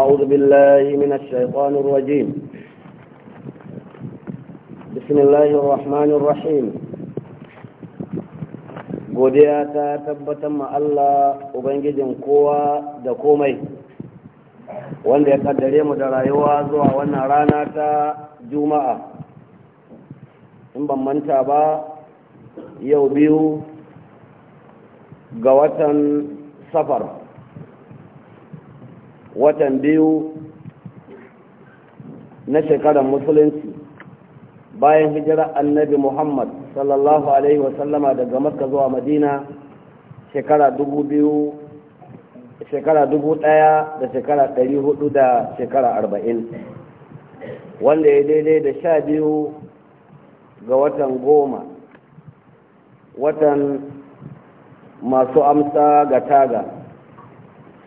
أعوذ بالله من الشيطان الرجيم بسم الله الرحمن الرحيم godiya ta tabbatar ma Allah Ubangijin kowa da komai wanda ya kaddare mu da rayuwa zuwa wannan rana ta juma'a in ban manta ba yau biyu ga watan safar watan biyu na shekarar musulunci bayan hijirar annabi muhammad sallallahu alaihi wasallama daga makka zuwa madina shekara dubu biyu shekara dubu ɗaya da shekara ɗari hudu da shekara arba'in wanda ya daidai da sha biyu ga watan goma watan masu amsa ga taga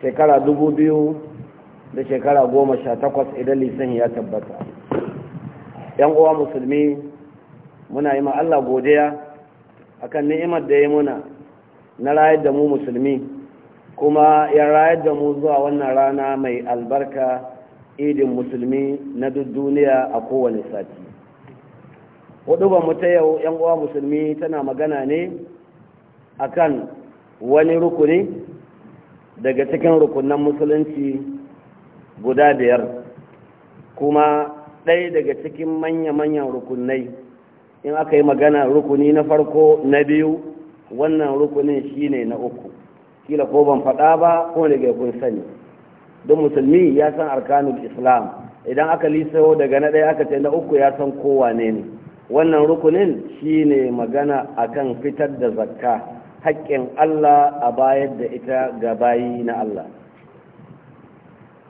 shekara dubu biyu da shekara goma sha takwas idan lisan ya tabbata yan uwa musulmi muna yi ma Allah godiya akan ni'imar da ya muna na rayar da mu musulmi kuma ya rayar da mu zuwa wannan rana mai albarka idin musulmi na duk duniya a kowane sati hudu ba ta yau yan uwa musulmi tana magana ne akan wani rukuni daga cikin rukunan musulunci guda biyar kuma ɗaya daga cikin manya-manyan rukunai in aka yi magana rukuni na farko na biyu wannan rukunin shine na uku kila ko ban faɗa ba ko daga kun sani don musulmi ya san arkanul islam idan aka lisayo daga na ɗaya aka ce na uku ya san kowa ne ne wannan rukunin shine magana a kan fitar da zakka haƙƙin allah a bayar da ita ga bayi na allah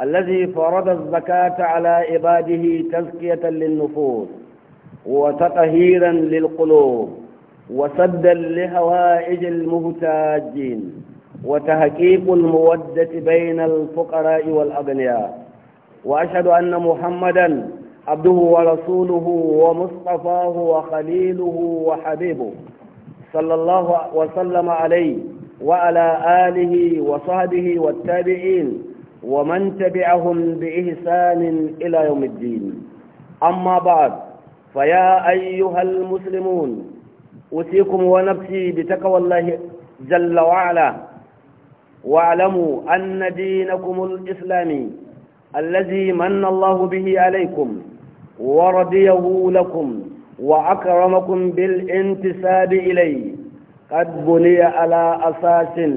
الذي فرض الزكاة على عباده تزكية للنفوس وتطهيرا للقلوب وسدا لهوائج المحتاجين وتحقيق المودة بين الفقراء والأغنياء وأشهد أن محمدا عبده ورسوله ومصطفاه وخليله وحبيبه صلى الله وسلم عليه وعلى آله وصحبه والتابعين ومن تبعهم بإحسان إلى يوم الدين أما بعد فيا أيها المسلمون أوصيكم ونفسي بتقوى الله جل وعلا واعلموا أن دينكم الإسلامي الذي من الله به عليكم ورضيه لكم وأكرمكم بالانتساب إليه قد بني على أساس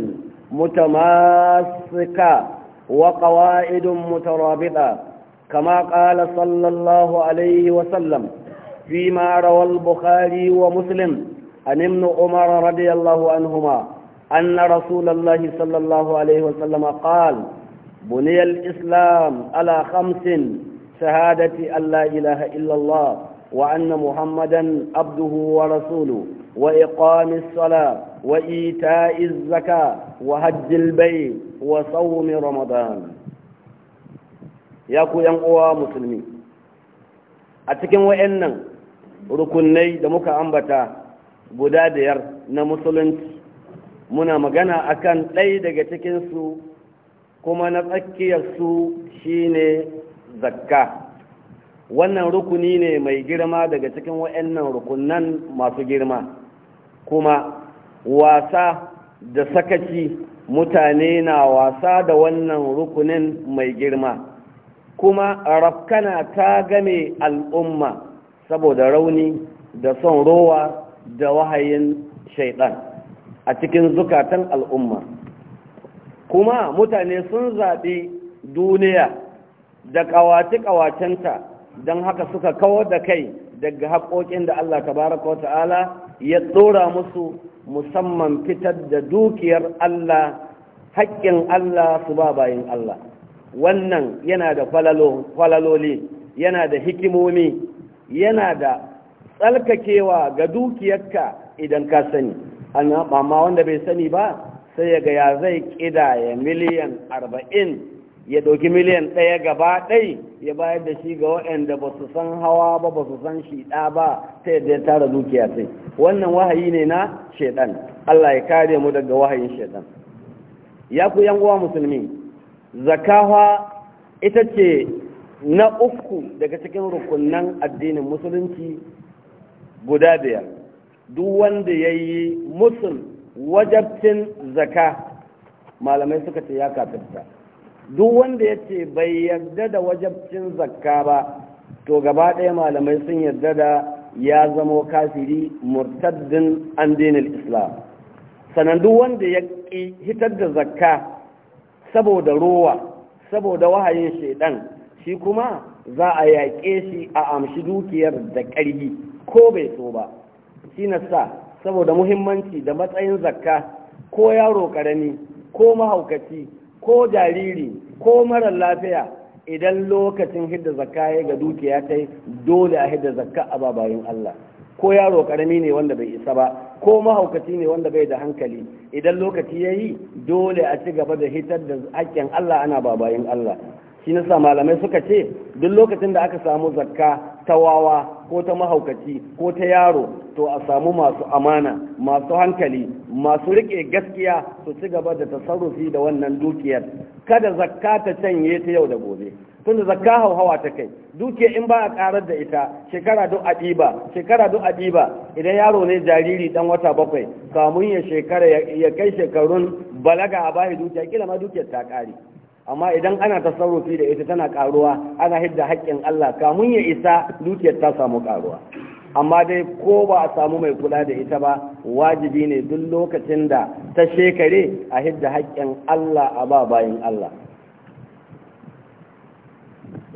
متماسكا وقواعد مترابطة كما قال صلى الله عليه وسلم فيما روى البخاري ومسلم عن ابن عمر رضي الله عنهما أن رسول الله صلى الله عليه وسلم قال بني الإسلام على خمس شهادة أن لا إله إلا الله وأن محمدا عبده ورسوله وإقام الصلاة وإيتاء الزكاة وهج البيت وصوم رمضان يا كو ينقوى مسلمين أتكن وإنن ركني دمك أنبتا بدادير نمسلمين muna magana akan ɗaya daga cikinsu kuma na tsakiyarsu shine zakka wannan rukuni ne mai girma daga cikin wa'annan rukunan masu girma kuma wasa da sakaci mutane na wasa da wannan rukunin mai girma kuma rafkana ta game al'umma saboda rauni da son rowa da wahayin shaidan a cikin zukatan al'umma kuma mutane sun zaɓi duniya da ƙawace-ƙawacenta don haka suka kawo da kai daga haƙoƙin da Allah tabaraka ta'ala ya tsora musu musamman fitar da dukiyar Allah haƙƙin Allah su ba bayin Allah wannan yana da falaloli yana da hikimomi yana da tsalkakewa ga dukiyarka idan ka sani amma wanda bai sani ba sai ya ga ya zai ƙidaya miliyan arba'in ya ɗauki miliyan ɗaya gaba ɗai ya bayar da shi ga waɗanda ba su san hawa ba ba su san shiɗa ba ta yadda ya tara dukiya sai wannan wahayi ne na shaiɗan Allah ya kare mu daga wahayin shaiɗan ya ku yan uwa musulmi zakawa ita ce na uku daga cikin rukunan addinin musulunci guda biyar duk wanda ya yi musul wajabcin zaka malamai suka ce ya kafirta duk wanda ya ce bai yarda da wajabcin zakka ba to gaba ɗaya malamai sun yarda da ya zamo kafiri murtaddin an dinin islam sannan duk wanda ya ƙi hitar da zakka saboda rowa saboda wahayin shaidan shi kuma za a yaƙe shi a amshi dukiyar da ƙarfi ko bai so ba shi na sa saboda muhimmanci da matsayin zakka ko yaro ƙarami ko mahaukaci ko jariri ko marar lafiya idan lokacin hidda zakka ya ga dukiya ta yi dole a hidda zakka a babayin Allah ko yaro karami ne wanda bai isa ba ko mahaukaci ne wanda bai da hankali idan lokaci ya yi dole a ci gaba da hitar da hakken Allah ana babayin Allah shi nasa malamai suka ce duk lokacin da aka samu zakka ta wawa ko ta mahaukaci ko ta yaro to a samu masu amana masu hankali masu riƙe gaskiya su ci gaba da tasarrufi da wannan dukiyar kada zakka ta canye ta yau da gobe tunda zakka hauhawa ta kai dukiya in ba a karar da ita shekara duk a shekara duk a idan yaro ne jariri dan wata bakwai kamun ya shekara ya kai shekarun balaga a bayi dukiya kila ma dukiyar ta ƙare amma idan ana tasarrufi da ita tana karuwa ana hidda haƙƙin Allah kamun ya isa dukiyar ta samu karuwa amma dai ko ba a samu mai kula da ita ba wajibi ne duk lokacin da ta shekare a hidda haƙƙin Allah a ba bayin Allah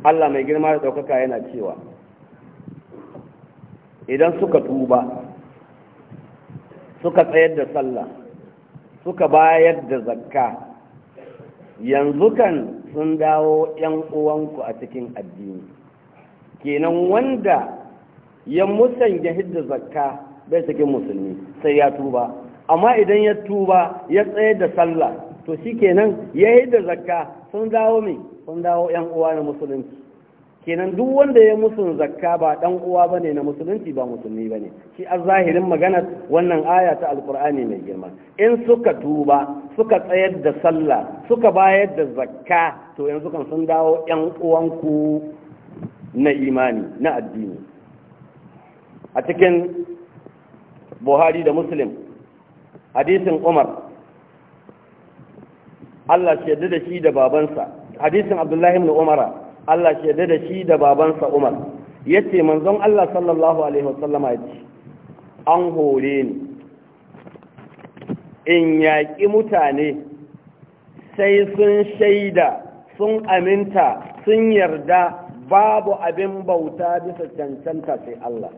Allah mai girma da ɗaukaka yana cewa idan suka tuba suka tsayar da sallah suka bayar da zakka yanzu kan sun dawo ‘yan uwanku a cikin addini kenan wanda ya musanya hidda zakka bai cikin musulmi sai ya tuba amma idan ya tuba ya tsaye da sallah to shi kenan ya hidda zakka sun dawo mai sun dawo ‘yan uwa na musulunci kenan duk wanda ya musun zakka ba dan uwa bane na musulunci ba musulmi bane shi a zahirin maganar wannan aya ta alqur'ani mai girma in suka tuba suka tsayar da sallah suka bayar da zakka to yanzu kan sun dawo yan uwanku na imani na addini a cikin buhari da muslim hadisin umar Allah shaidda da shi da babansa hadisin abdullahi ibn umara Allah shi da shi da babansa Umar yace manzon Allah sallallahu alaihi wasallama yace an hore ni in yaƙi mutane sai sun shaida sun aminta sun yarda babu abin bauta bisa cancanta sai Allah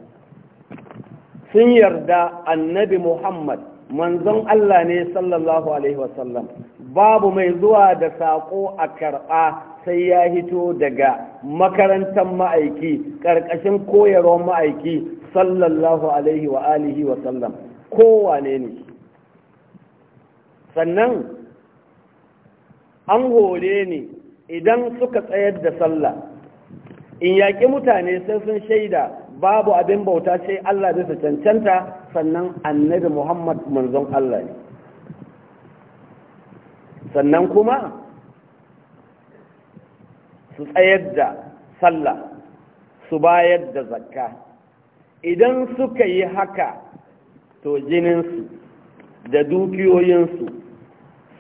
sun yarda annabi Muhammad manzon Allah ne sallallahu alaihi wasallam babu mai zuwa da sako a karɓa sai ya hito daga makarantar ma'aiki ƙarƙashin koyarwar ma'aiki sallallahu alaihi wa alihi wa sallam kowane ne sannan an hore ne idan suka tsayar da sallah in yaƙi mutane sai sun shaida babu abin bauta sai Allah bisa cancanta sannan annabi Muhammad manzon Allah ne sannan kuma su tsayar da sallah su bayar da zakka idan suka yi haka to jininsu da dukiyoyinsu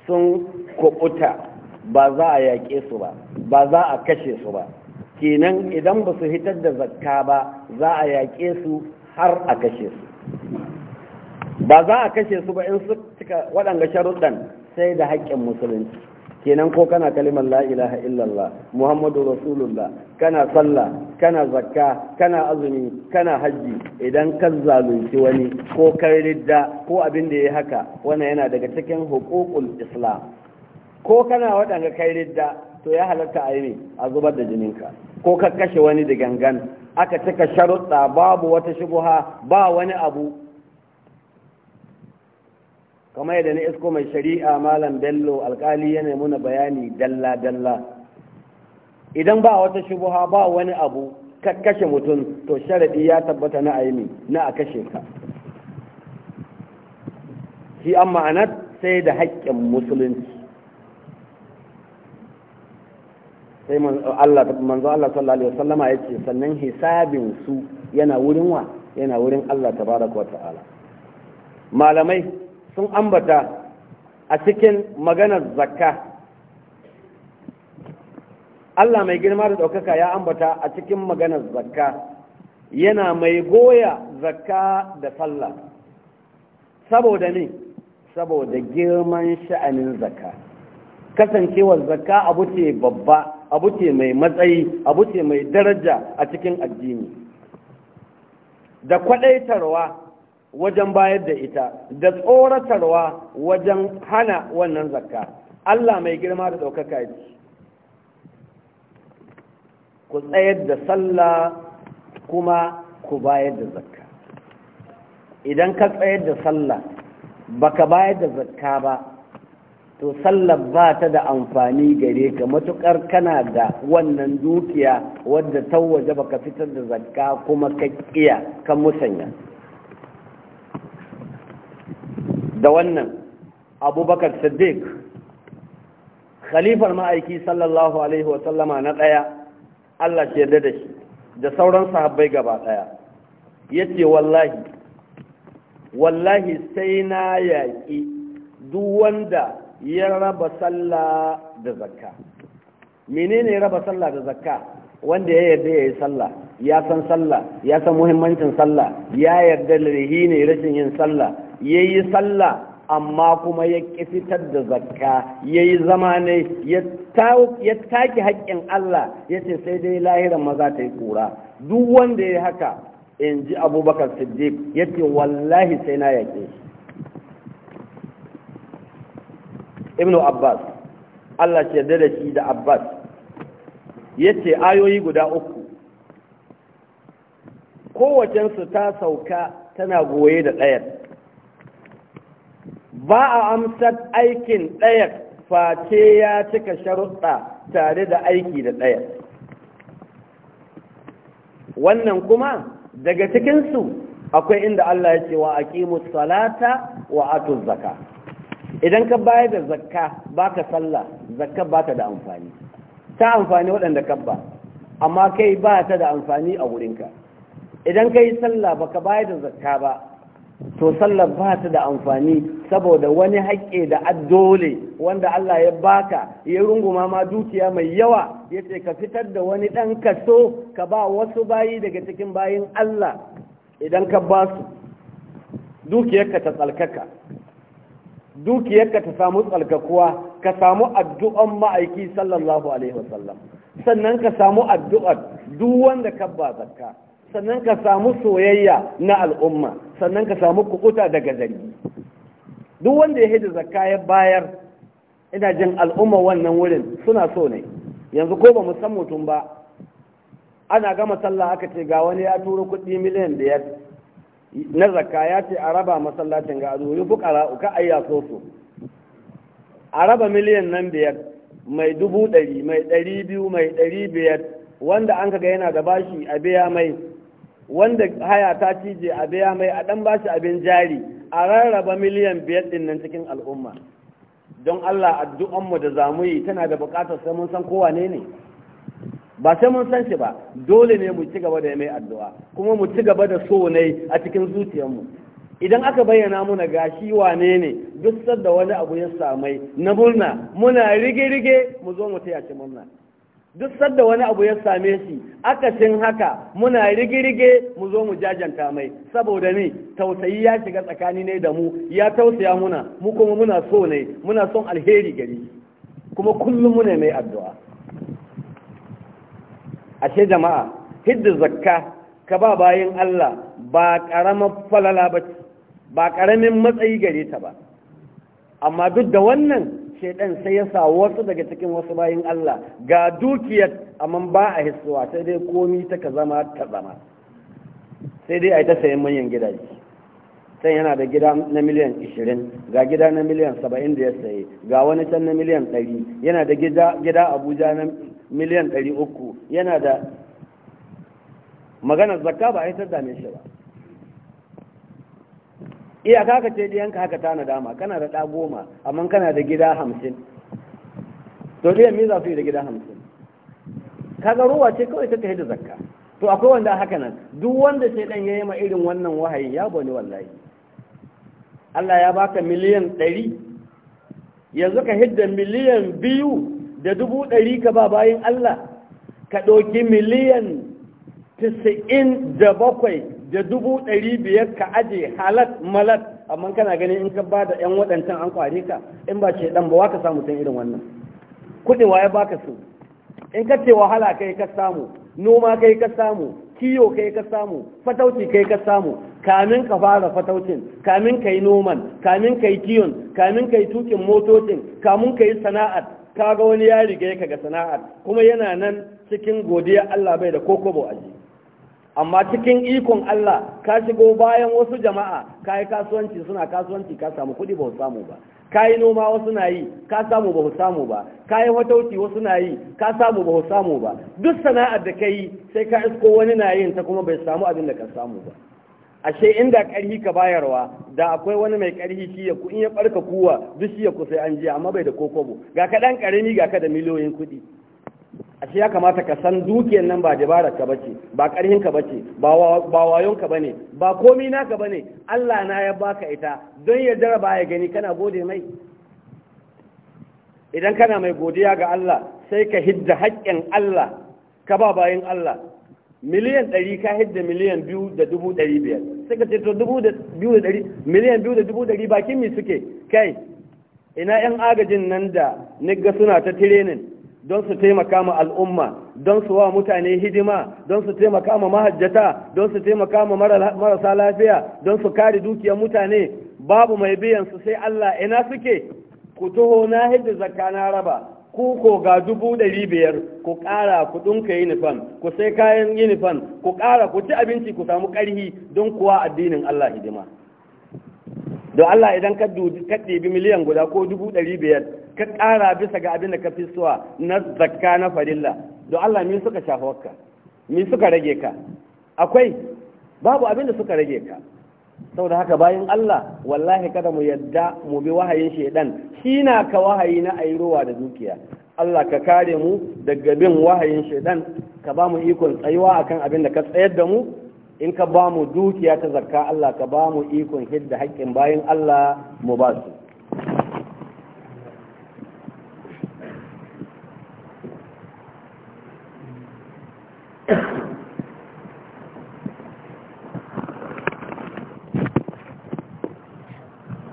sun kubuta ba za a yaƙe su ba ba za a kashe su ba kenan idan ba su hitar da zakka ba za a yaƙe su har a kashe su ba za a kashe su ba in su cika waɗanga sharuɗan sai da haƙƙin musulunci kenan ko kana kalimar la ilaha illallah muhammadu rasulullah kana sallah kana zakka kana azumi kana hajji idan ka zalunci wani ko ka ridda ko abin da ya haka wannan yana daga cikin hukukul islam ko kana waɗanda kai ridda to ya halatta a yi a zubar da jininka ko ka kashe wani da gangan aka cika sharuɗa babu wata shubuha ba wani abu kamar yadda na isko mai shari'a malam bello alkali yana muna bayani dalla dalla idan ba wata shubuha ba wani abu ka kashe mutum to sharadi ya tabbata na aimi na a kashe ka shi an ma'anar sai da haƙƙin musulunci sai manzo Allah sallallahu alaihi wasallama ya ce sannan hisabin su yana wurin wa yana wurin Allah tabaraka wa ta'ala malamai sun ambata a cikin maganar zakka Allah mai girma da ɗaukaka ya ambata a cikin maganar zakka yana mai goya zakka da sallah saboda ne saboda girman sha'anin zakka kasancewar zakka abu ce babba abu ce mai matsayi abu ce mai daraja a cikin addini da kwadaitarwa wajen bayar da ita da tsoratarwa wajen hana wannan zakka Allah mai girma da ɗaukaka ji ku tsayar da sallah kuma ku bayar da zakka idan ka tsayar da sallah baka bayar da zakka ba to sallah ba ta da amfani gare ka matukar kana da wannan dukiya wadda ta waje baka fitar da zakka kuma ka kiya ka musanya da wannan abubakar siddiq khalifar ma'aiki sallallahu alaihi wa sallama na ɗaya allah ke da shi da sauran sahabbai gaba ɗaya yace ce wallahi wallahi sai na yaƙi duk wanda ya raba sallah da zakka menene ya raba sallah da zakka wanda ya yarda yayi yi sallah ya san sallah ya san muhimmancin sallah ya yarda da ne rashin yin sallah ya yi sallah amma kuma ya fitar da zakka ya yi zama ne ya taki haƙƙin Allah ya ce sai dai lahiran maza ta yi kura duk wanda ya haka in ji abubakar siddiq ya ce wallahi sai na yake ibnu abbas Allah ce da shi da abbas ya ce ayoyi guda uku kowacensu ta sauka tana goye da ɗayar ba a amsar aikin ɗaya face ya cika sharuɗa tare da aiki da ɗaya wannan kuma daga cikinsu akwai inda Allah ya ce wa aqimus salata wa atu zaka idan ka bayar da zakka baka sallah zakka ta da amfani ta amfani waɗanda ka amma kai ba ta da amfani a wurinka idan ka salla, sallah baka bayar da zakka ba to sallar ba ta da amfani saboda wani haƙƙe da addole wanda Allah ya baka ya runguma ma dukiya mai yawa ya ce ka fitar da wani ɗan kaso ka ba wasu bayi daga cikin bayin Allah idan ka ba su dukiyarka ta tsalkaka dukiyarka ta samu tsalkakuwa ka samu addu'an ma'aiki sallallahu alaihi wasallam sannan ka samu addu'ar duk wanda ka ba zakka sannan ka samu soyayya na al'umma sannan ka samu kukuta daga zari duk wanda ya hidda zakka ya bayar ina jin al'umma wannan wurin suna so ne yanzu ko ba mu san mutum ba ana gama sallah aka ce ga wani ya turo kuɗi miliyan biyar na zakka ya ce a raba masallacin ga azuri fukara uka ayya so so a raba miliyan nan biyar mai dubu ɗari mai ɗari biyu mai ɗari biyar wanda an kaga yana da bashi a biya mai wanda haya ta cije a biya mai a ɗan bashi abin jari a rarraba miliyan biyar ɗin nan cikin al'umma don Allah addu'anmu da zamuyi tana da buƙatar sai mun san kowa ne ne ba sai mun san shi ba dole ne mu ci gaba da mai addu'a kuma mu ci gaba da so ne a cikin zuciyarmu idan aka bayyana muna gashi wane ne duk sadda wani abu ya samai na murna muna rige-rige mu zo mu taya shi murna duk sadda wani abu ya same shi aka cin haka muna rigirige mu zo mu jajanta mai saboda ni tausayi ya shiga tsakani ne da mu ya tausaya muna mu kuma muna so ne muna son alheri gari kuma kullum muna mai addu'a ashe jama'a hidda zakka ka ba bayin Allah ba karamar falala ba ba karamin matsayi gare ta ba amma duk da wannan shaidan sai ya sa wasu daga cikin wasu bayin Allah ga dukiyar amma ba a hissuwa sai dai komi ta ka zama ta zama sai dai a yi ta sayan manyan gidaje can yana da gida na miliyan 20 ga gida na miliyan 70 da ya saye ga wani can na miliyan 100 yana da gida abuja na miliyan 300 yana da maganar zakka ba a yi ta dame shi ba iyaka ka ce yanka haka ta nadama kana da ɗa goma amma kana da gida hamsin to diyan mi za su yi da gida hamsin kaga ruwa ce kawai ta da zakka to akwai wanda haka nan duk wanda sai dan yayi ma irin wannan wahayi ya bani wallahi Allah ya baka miliyan ɗari yanzu ka hidda miliyan biyu da dubu ɗari ka ba bayan Allah ka ɗauki miliyan tisa'in da bakwai da dubu ɗari biyar ka aje halat malat amma kana ganin in ka ba da ƴan waɗancan an kware ka in ba ce ɗan ba wa ka samu tun irin wannan kuɗin wa ya ka su in ka ce wahala kai ka samu noma kai ka samu kiyo kai ka samu fatauci kai ka samu kamin ka fara fataucin kamin ka yi noman kamin ka yi kiyon kamin ka yi tukin motocin kamin ka yi sana'ar ka ga wani ya riga ka ga sana'ar kuma yana nan cikin godiya Allah bai da kokobo aji amma cikin ikon Allah ka shigo bayan wasu jama'a ka yi kasuwanci suna kasuwanci ka samu kuɗi ba samu ba ka yi noma wasu na yi ka samu ba samu ba ka yi watauci wasu na yi ka samu ba samu ba duk sana'ar da ka yi sai ka isko wani na yin ta kuma bai samu abin da ka samu ba ashe inda ƙarhi ka bayarwa da akwai wani mai ƙarhi shi ya in ya barka kuwa duk shi ya kusa an jiya amma bai da kokobo ga ka ɗan ƙarami ga ka da miliyoyin kuɗi ashe ya kamata ka san dukiyar nan ba dabarar ka bace ba karhin ka bace ba wayon ka bane ba komi naka bane Allah na ya baka ita don ya jaraba ya gani kana gode mai idan kana mai godiya ga Allah sai ka hidda haƙƙin Allah ka ba bayan Allah miliyan ɗari ka hidda miliyan biyu da dubu ɗari biyar sai ka ce to dubu da biyu da ɗari miliyan biyu da dubu ɗari bakin mi suke kai ina 'yan agajin nan da nigga suna ta tirenin don su taimaka ma al'umma don su wa mutane hidima don su taimaka ma mahajjata don su taimaka ma marasa lafiya don su kare dukiyar mutane babu mai biyan su sai Allah ina suke ku taho na hidda zakka na raba ku ko ga dubu ɗari biyar ku ƙara ku ɗinka yunifan ku sai kayan yunifan ku ƙara ku ci abinci ku samu ƙarhi don kuwa addinin Allah hidima don Allah idan ka ɗebi miliyan guda ko dubu ɗari biyar ka ƙara bisa ga abin da ka fi suwa na zakka na farilla don Allah mi suka shafawarka Mi suka rage ka akwai babu abin da suka rage ka saboda haka bayan Allah wallahi kada mu yadda mu bi wahayin shaidan, shi na ka wahayi na airowa da dukiya Allah ka kare mu daga bin wahayin shaidan, ka ba mu ikon tsayuwa akan abin da ka tsayar da mu in ka ba mu dukiya ta zakka Allah ka ba mu ikon hidda haƙƙin bayan Allah mu ba su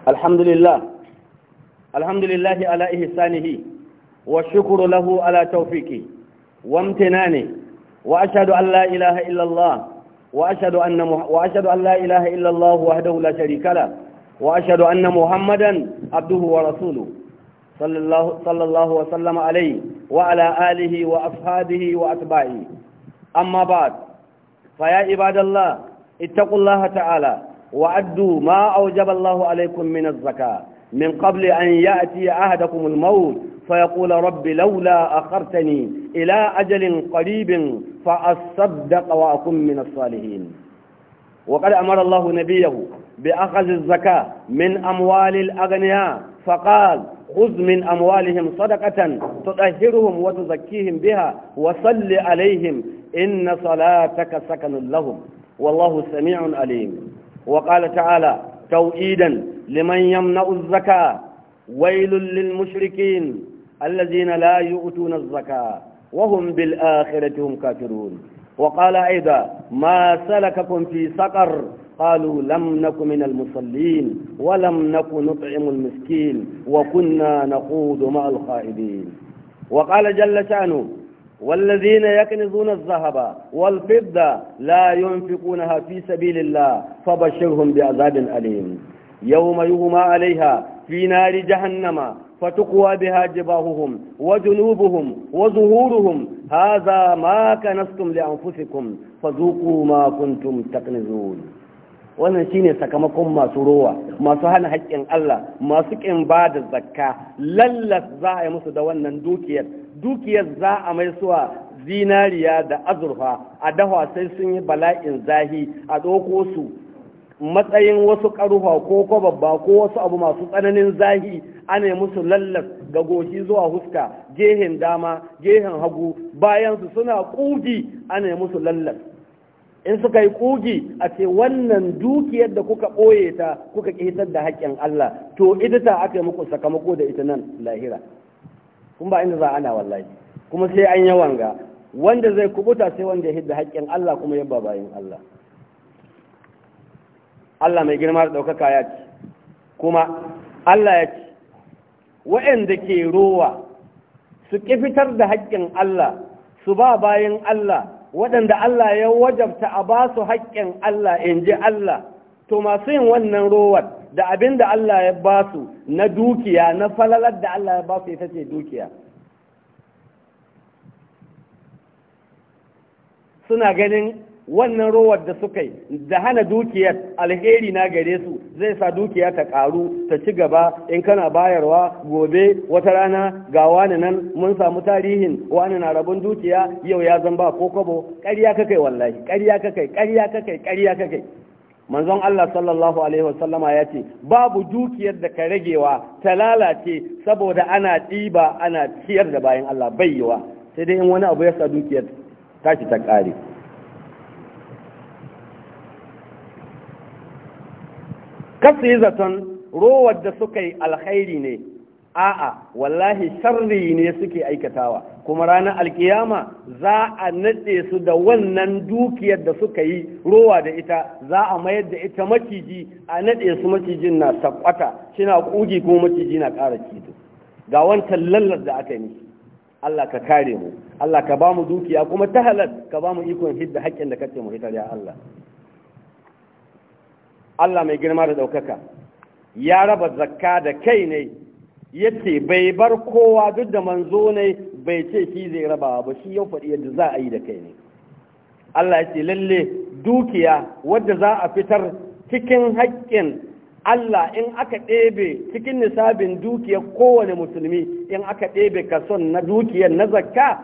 الحمد لله الحمد لله على إحسانه والشكر له على توفيقه وامتنانه وأشهد أن لا إله إلا الله وأشهد أن مح... وأشهد أن لا إله إلا الله وحده لا شريك له وأشهد أن محمدا عبده ورسوله صلى الله صلى الله وسلم عليه وعلى آله وأصحابه وأتباعه أما بعد فيا عباد الله اتقوا الله تعالى وأدوا ما أوجب الله عليكم من الزكاة من قبل أن يأتي أحدكم الموت فيقول رب لولا أخرتني إلى أجل قريب فأصدق وأكون من الصالحين وقد أمر الله نبيه بأخذ الزكاة من أموال الأغنياء فقال خذ من أموالهم صدقة تطهرهم وتزكيهم بها وصل عليهم إن صلاتك سكن لهم والله سميع عليم وقال تعالى توئيدا لمن يمنع الزكاة ويل للمشركين الذين لا يؤتون الزكاة وهم بالآخرة هم كافرون وقال أيضا ما سلككم في سقر قالوا لم نك من المصلين ولم نك نطعم المسكين وكنا نخوض مع الخائدين وقال جل شأنه والذين يكنزون الذهب والفضة لا ينفقونها في سبيل الله فبشرهم بعذاب أليم يوم يغمى عليها في نار جهنم فتقوى بها جباههم وجنوبهم وظهورهم هذا ما كنستم لأنفسكم فذوقوا ما كنتم تكنزون wannan shine sakamakon masu rowa masu hana haƙƙin Allah masu ƙin ba da zakka lallas za a yi musu da wannan dukiyar dukiyar za a mai suwa zinariya da azurfa a dahwa sai sun yi bala'in zahi a ɗoko su matsayin wasu ƙarufa ko kwababba ko wasu abu masu tsananin zahi ana yi musu lallas ga goshi zuwa huska gehen dama gehen hagu bayan su suna ƙugi ana yi musu lallas in suka yi kugi a ce wannan dukiyar da kuka ɓoye ta kuka ƙetar da haƙƙin Allah to ita ta aka yi muku sakamako da ita nan lahira kun ba inda za ana wallahi kuma sai an yawan ga wanda zai kubuta sai wanda ya hidda haƙƙin Allah kuma yabba bayin Allah Allah mai girma da ɗaukaka ya ce kuma Allah ya ce wa'anda ke rowa su ƙi fitar da haƙƙin Allah su ba bayan Allah waɗanda Allah ya wajabta a ba su haƙƙin Allah in ji Allah to masu yin wannan rowar da abin da Allah ya ba su na dukiya na falalar da Allah ya ba su ita ce dukiya suna ganin wannan rowar da suka yi da hana dukiyar alheri na gare su zai sa dukiya ta karu ta ci gaba in kana bayarwa gobe wata rana ga wani nan mun samu tarihin wani na rabon dukiya yau ya zan ba ko kwabo ƙarya kakai wallahi ƙarya kakai ƙarya kakai ƙarya kakai manzon Allah sallallahu alaihi wasallama ya ce babu dukiyar da ka ragewa ta lalace saboda ana ɗiba ana ciyar da bayan Allah bayyawa sai dai in wani abu ya sa dukiyar tashi ta ƙare kasu yi zaton rowar da suka yi alkhairi ne a'a wallahi sharri ne suke aikatawa kuma ranar alkiyama za a naɗe su da wannan dukiyar da suka yi rowa da ita za a mayar da ita maciji a naɗe su macijin na sakwata shina kugi kuma maciji na ƙara cito ga wancan lallar da aka yi Allah ka kare mu Allah ka ba mu dukiya kuma ta halar ka ba mu ikon hidda haƙƙin da kace mu hitar ya Allah Allah mai girma da ɗaukaka ya raba zakka da kai ne yace bai bar kowa duk da manzo ne bai ce shi zai raba ba shi ya faɗi yadda za a yi da kai ne Allah ya ce lalle dukiya wadda za a fitar cikin haƙƙin Allah in aka ɗebe cikin nisabin dukiyar kowane musulmi in aka ɗebe kason na dukiyar na zakka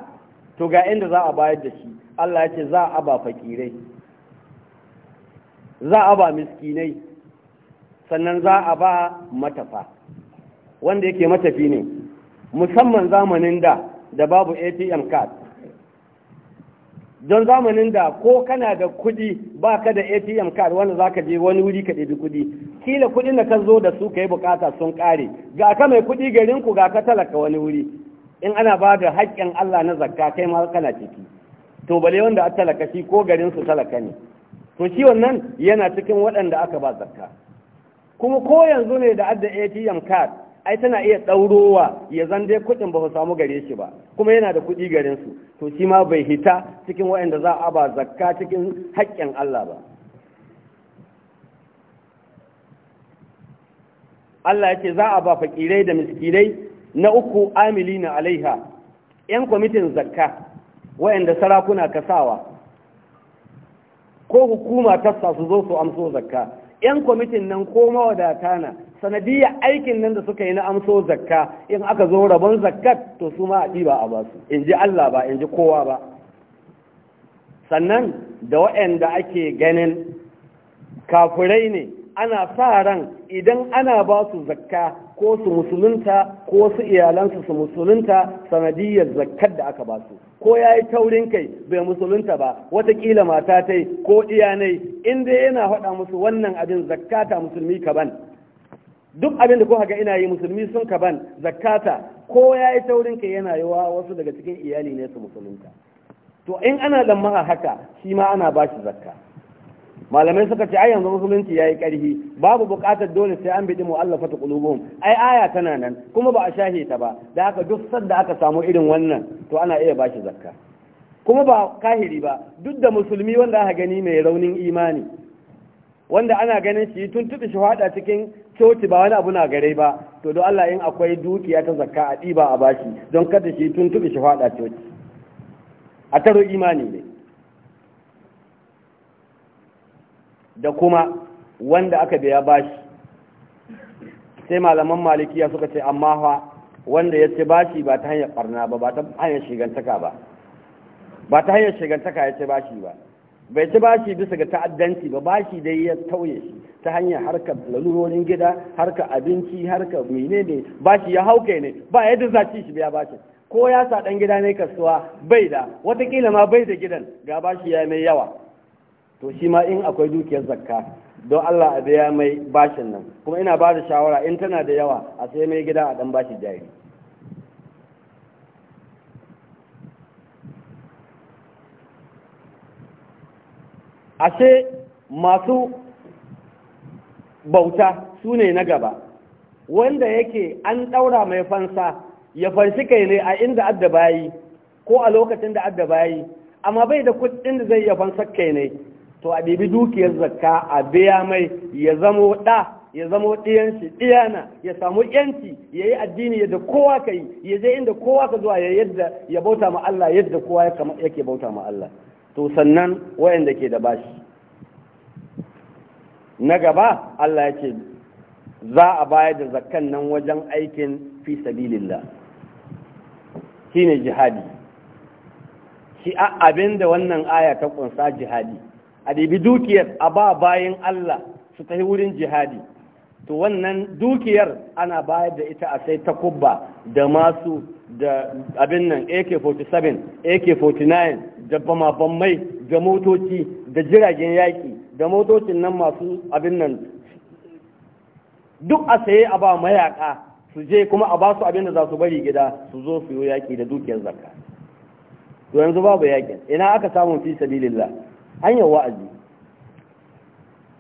to ga inda za a bayar da shi Allah ya ce za a ba fakirai za a ba miskinai sannan za a ba matafa wanda yake matafi ne musamman zamanin da da babu atm card don zamanin da ko kana da kudi ba ka da atm card wanda za ka je wani wuri ka ɗabi kudi kila kudin da ka zo da su ka yi bukata sun ƙare ga ka mai kudi garinku ga ka talaka wani wuri in ana ba da haƙƙin allah na zakka kai ma kana ciki to bale wanda a talaka shi ko garinsu talaka ne to shi wannan yana cikin waɗanda aka ba zakka kuma ko yanzu ne da adda ATM card ai tana iya ɗaurowa ya zan dai kuɗin ba su samu gare shi ba kuma yana da kuɗi garin su to shi ma bai hita cikin waɗanda za a ba zakka cikin haƙƙin Allah ba Allah ya ce za a ba fakirai da miskirai na uku amilina alaiha 'yan kwamitin zakka waɗanda sarakuna kasawa ko hukuma tassa su zo su amso zakka yan kwamitin nan ko mawadata na sanadiyya aikin nan da suka yi na amso zakka in aka zo rabon zakkat to su ma a ba a basu in ji Allah ba in ji kowa ba sannan da waɗanda ake ganin kafurai ne ana sa ran idan ana ba su zakka ko su musulunta ko su iyalansu su musulunta sanadiyar zakkar da aka ba su ko ya yi taurin kai bai musulunta ba watakila mata ta yi ko iyanai inda yana faɗa musu wannan abin zakkata musulmi kaban duk abin da kuka ga ina yi musulmi sun kaban zakkata ko ya yi taurin kai yana wa wasu daga cikin iyali ne su musulunta to in ana lamma haka shi ma ana ba shi zakka malamai suka ce ai yanzu musulunci yi karhi babu buƙatar dole sai an bidi ta qulubuhum ai aya tana nan kuma ba a shahe ta ba da haka duk sanda aka samu irin wannan to ana iya bashi zakka kuma ba kahiri ba duk da musulmi wanda aka gani mai raunin imani wanda ana ganin shi tun tuɗi shi cikin coci ba wani abu na gare ba to don Allah in akwai dukiya ta zakka a ɗiba a bashi don kada shi tun tuɗi shi hada coci a taro imani ne da kuma wanda aka biya bashi sai malaman malikiya suka ce amma fa wanda ya ce bashi ba ta hanyar barna ba ba ta hanyar shigantaka ba ba ta hanyar shigantaka ya ce bashi ba bai ci bashi bisa ga ta'addanci ba bashi dai ya tauye shi ta hanyar harkar lalurorin gida harkar abinci harkar ne bashi ya hauke ne ba yadda za ci shi biya bashi ko ya sa dan gida ne kasuwa bai da watakila ma bai da gidan ga bashi ya mai yawa to shi ma in akwai dukiyar zakka don Allah a biya mai bashin nan kuma ina ba da shawara in tana da yawa a sai mai gida a dan bashi jari ashe masu bauta su ne na gaba wanda yake an ɗaura mai fansa ya fansi kai ne a inda adda bayi ko a lokacin da adda bayi amma bai da kudin da zai iya fansar kai ne to a ɗibi dukiyar zakka a biya mai ya zamo ɗa ya zamo ɗiyan ɗiyana ya samu yanci ya yi addini yadda kowa ka yi ya je inda kowa ka zuwa ya yadda ya bauta ma Allah yadda kowa yake bauta ma Allah to sannan wayanda ke da bashi na gaba Allah ya ce za a bayar da zakkan nan wajen aikin fi sabilillah shine jihadi shi abin da wannan aya ta kunsa jihadi a ɗabi dukiyar a ba bayan Allah su tafi wurin jihadi to wannan dukiyar ana bayar da ita a sai kubba da masu da abin nan AK-47 AK-49 da bama da motoci da jiragen yaƙi da motocin nan masu abin nan duk a saye a ba mayaƙa su je kuma a ba su abin da za su bari gida su zo su yi yaƙi da dukiyar zakka to yanzu babu yaƙin ina aka samun fi sabilillah hanyar wa'azi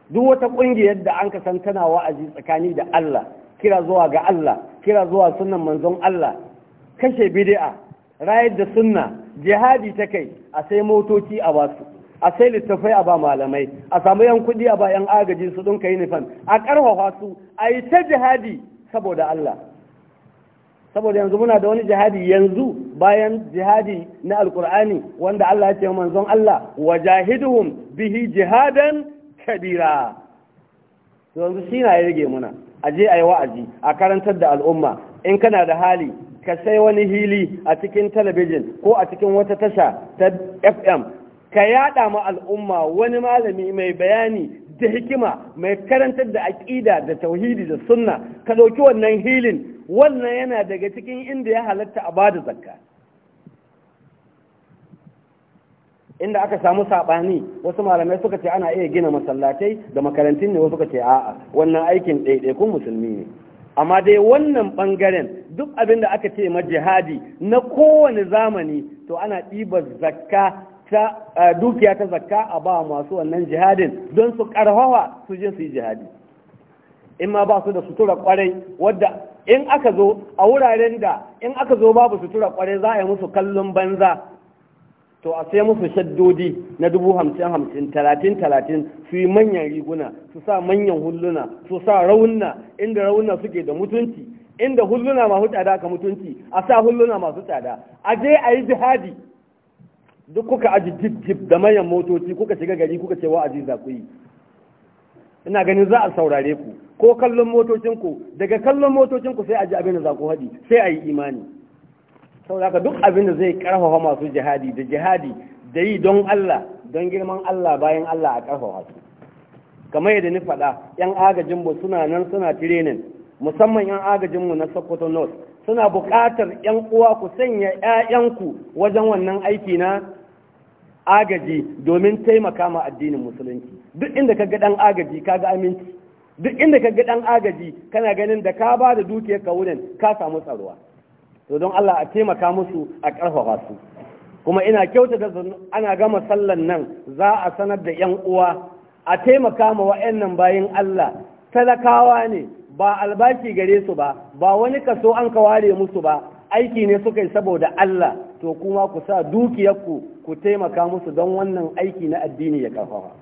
duk wata ƙungiyar da an kasan tana wa'azi tsakani da Allah kira zuwa ga Allah kira zuwa sunan manzon Allah kashe bidi'a rayar da sunna jihadi ta kai a sai motoci a basu a sai littafai a ba malamai a samu yan kuɗi a bayan agaji su ɗin yi nufan a ƙarfafa su a yi ta jihadi saboda Allah saboda yanzu muna da wani jihadi yanzu bayan jihadi na alkur'ani wanda Allah ya ce manzon Allah wa jahiduhum bihi jihadan kabira to yanzu shi na rage muna aje ayi wa'azi a karantar da al'umma in kana da hali ka sai wani hili a cikin talabijin ko a cikin wata tasha ta FM ka yada ma al'umma wani malami mai bayani da hikima mai karantar da aƙida da tauhidi da sunna ka ɗauki wannan hilin wannan yana daga cikin inda ya halatta a bada zakka inda aka samu saɓani wasu malamai suka ce ana iya gina masallatai da makarantun ne wasu suka ce a'a wannan aikin ɗaiɗaikun musulmi ne amma dai wannan ɓangaren duk abin da aka ce ma jihadi na kowane zamani to ana ɗibar zakka ta dukiya ta zakka a ba masu wannan jihadin don su ƙarfafa su je su yi jihadi in ma ba su da sutura kwarai wadda in aka zo a wuraren da in aka zo babu sutura kwarai za a yi musu kallon banza to a sai musu shaddodi na dubu hamsin hamsin talatin talatin su yi manyan riguna su sa manyan hulluna su sa raunna inda raunna suke da mutunci inda hulluna masu tsada ka mutunci a sa hulluna masu tsada a je a yi jihadi duk kuka aji jib da manyan motoci kuka shiga gari kuka ce wa'azi za ina ganin za a saurare ku ko kallon motocinku daga kallon motocinku sai a ji abin da za ku haɗi sai a yi imani Sau da duk abin da zai karfafa masu jihadi da jihadi da yi don Allah don girman Allah bayan Allah a karfafa su kamar yadda ni faɗa yan agajin suna nan suna tirenin musamman yan agajin mu na Sokoto North suna buƙatar yan uwa ku sanya 'ya'yanku wajen wannan aiki na agaji domin taimaka ma addinin musulunci duk inda ka ga dan agaji kaga aminci duk inda ka ga dan agaji kana ganin da ka ba da dukiyar ka wurin ka samu tsaruwa to don Allah a taimaka musu a karfafa su kuma ina kyauta da ana gama sallan nan za a sanar da yan uwa a taimaka ma wa'annan bayin Allah talakawa ne ba albashi gare su ba ba wani kaso an ka ware musu ba aiki ne suka yi saboda Allah to kuma ku sa dukiyarku ku taimaka musu don wannan aiki na addini ya karfafa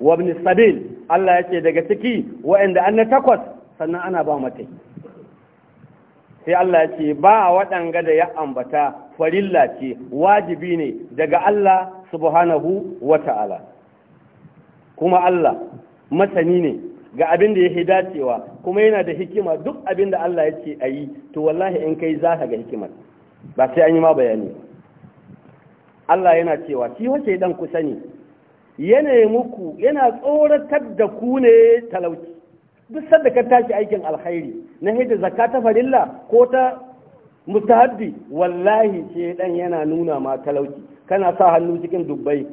wa ibn sabil Allah yace daga ciki wa'inda an na takwas sannan ana ba mata sai Allah ce ba waɗanga da ya ambata farilla ce wajibi ne daga Allah subhanahu wata'ala kuma Allah masani ne ga abin da ya dacewa kuma yana da hikima duk abin da Allah yake ayi to wallahi in kai za zaka ga hikimar ba sai an yi ma bayani Allah yana cewa shi wace dan ku sani yanayin muku yana tsoratar da ku ne talauci duk sanda ka tashi aikin alkhairi na hidda zakka ta farilla ko ta mutahaddi wallahi ce dan yana nuna ma talauci kana sa hannu cikin dubbai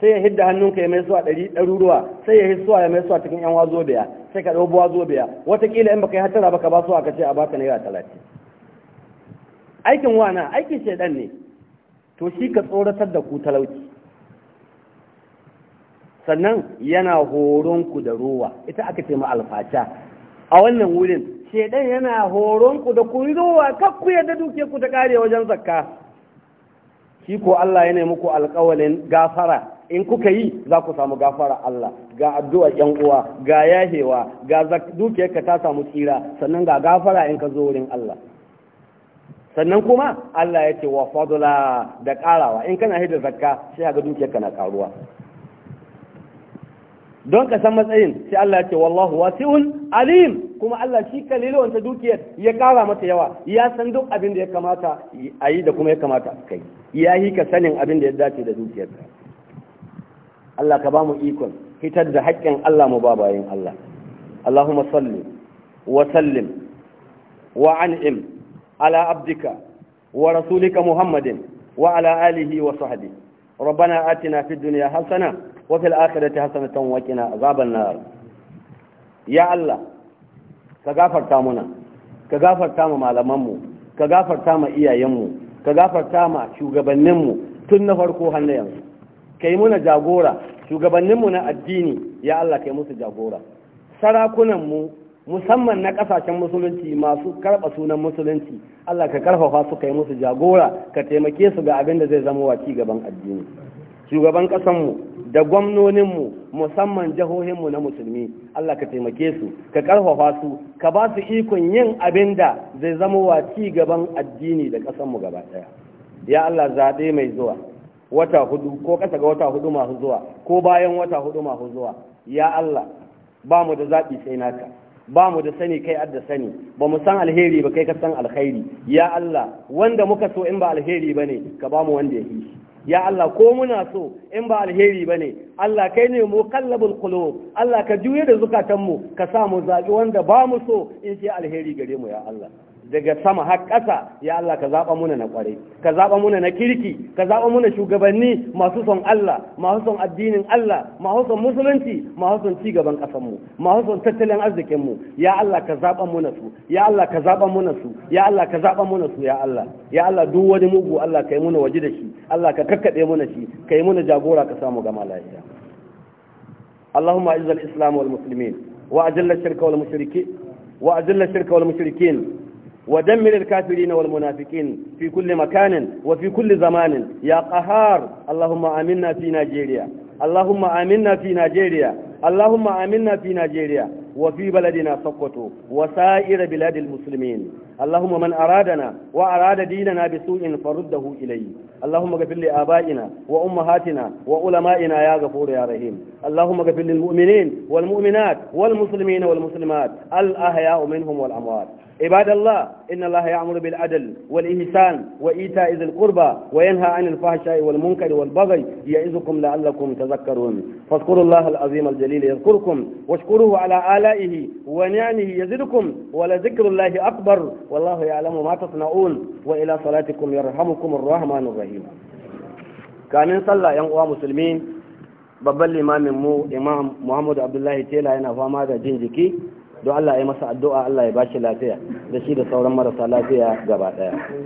sai ya hidda hannunka ya mai suwa ɗari ɗaruruwa sai ya hisuwa ya mai suwa cikin yan wazo biya sai ka ɗaubo zo biya watakila in baka yi hatara baka ba su aka ce a baka naira talatin aikin wana aikin shaidan ne to shi ka tsoratar da ku talauci sannan yana ku da ruwa ita aka ce ma a wannan wurin shedan yana horonku da ku rowa kar ku yadda duke ku ta kare wajen zakka shi ko Allah yana muku alƙawalin gafara in kuka yi za ku samu gafara Allah ga addu'a ‘yan uwa ga yahewa ga dukiyarka ta samu tsira sannan ga gafara in ka zo wurin Allah sannan kuma Allah ya ce wa fadula da ƙarawa in kana hidda zakka sai ga dukiyarka na karuwa don ka san matsayin sai Allah ya ce wallahu wasi'un alim kuma Allah shi kalilo wanta dukiyar ya kara mata yawa ya san duk abin da ya kamata a yi da kuma ya kamata a kai ya yi ka sanin abin da ya dace da dukiyarka Allah ka ba mu ikon fitar da haƙƙin Allah mu ba bayin Allah Allahumma salli wa sallim wa an'im ala abdika wa rasulika Muhammadin wa ala alihi wa sahbihi ربنا آتنا في الدنيا حسنة wa fil akhirati hasanatan wa qina azaban nar ya Allah ka gafarta muna ka gafarta ma malaman mu ka gafarta ma iyayen ka gafarta ma shugabannin tun na farko har na yanzu kai muna jagora shugabannin na addini ya Allah kai musu jagora sarakunan mu musamman na kasashen musulunci masu karɓa sunan musulunci Allah ka karfafa su kai musu jagora ka taimake su ga abin da zai zama wa ci gaban addini shugaban ƙasanmu da gwamnoninmu musamman jihohinmu na musulmi Allah ka taimake su ka karfafa su ka ba su ikon yin abin da zai zama wa ci gaban addini da ƙasanmu gaba ɗaya ya Allah zaɓe mai zuwa wata hudu ko ƙasa ga wata hudu masu zuwa ko bayan wata hudu masu zuwa ya Allah ba mu da zaɓi sai naka ba mu da sani kai adda sani ba mu san alheri ba kai ka san alkhairi ya Allah wanda muka so in ba alheri ba ne ka ba mu wanda ya yi ya Allah ko muna so in ba alheri bane Allah kai ne mu kallabul qulub Allah ka juye da zukatanmu ka sa mu zaɓi wanda ba mu so in ce alheri gare mu ya Allah daga sama har ƙasa ya Allah ka zaɓa muna na ƙwarai ka zaɓa muna na kirki ka zaɓa muna shugabanni masu son Allah masu son addinin Allah masu son musulunci masu son ci cigaban ƙasarmu masu son tattalin arzikinmu ya Allah ka zaɓa muna su ya Allah ka zaɓa muna su ya Allah ka zaɓa muna su ya Allah ya Allah duk wani mugu Allah ka yi muna waje da shi Allah ka kakkaɓe muna shi ka yi muna jagora ka samu gama lafiya اللهم اعز الاسلام والمسلمين واجل الشرك والمشركين واجل الشرك والمشركين ودمر الكافرين والمنافقين في كل مكان وفي كل زمان يا قهار اللهم آمنا في نيجيريا اللهم آمنا في نيجيريا اللهم آمنا في نيجيريا وفي بلدنا سقط وسائر بلاد المسلمين اللهم من أرادنا وأراد ديننا بسوء فرده إليه اللهم اغفر لآبائنا وأمهاتنا وعلمائنا يا غفور يا رحيم اللهم اغفر للمؤمنين والمؤمنات والمسلمين والمسلمات الأحياء منهم والأموات عباد الله إن الله يأمر بالعدل والإحسان وإيتاء ذي القربى وينهى عن الفحشاء والمنكر والبغي يعظكم لعلكم تذكرون فاذكروا الله العظيم الجليل يذكركم واشكروه على آلائه ونعمه يزدكم ولذكر الله أكبر والله يعلم ما تصنعون وإلى صلاتكم يرحمكم الرحمن الرحيم كان صلى ينقوى مسلمين babban limamin mu imam muhammadu abdullahi tela yana fama da jin jiki don Allah ya masa addu'a Allah ya bashi lafiya da shi da sauran marasa lafiya gaba ɗaya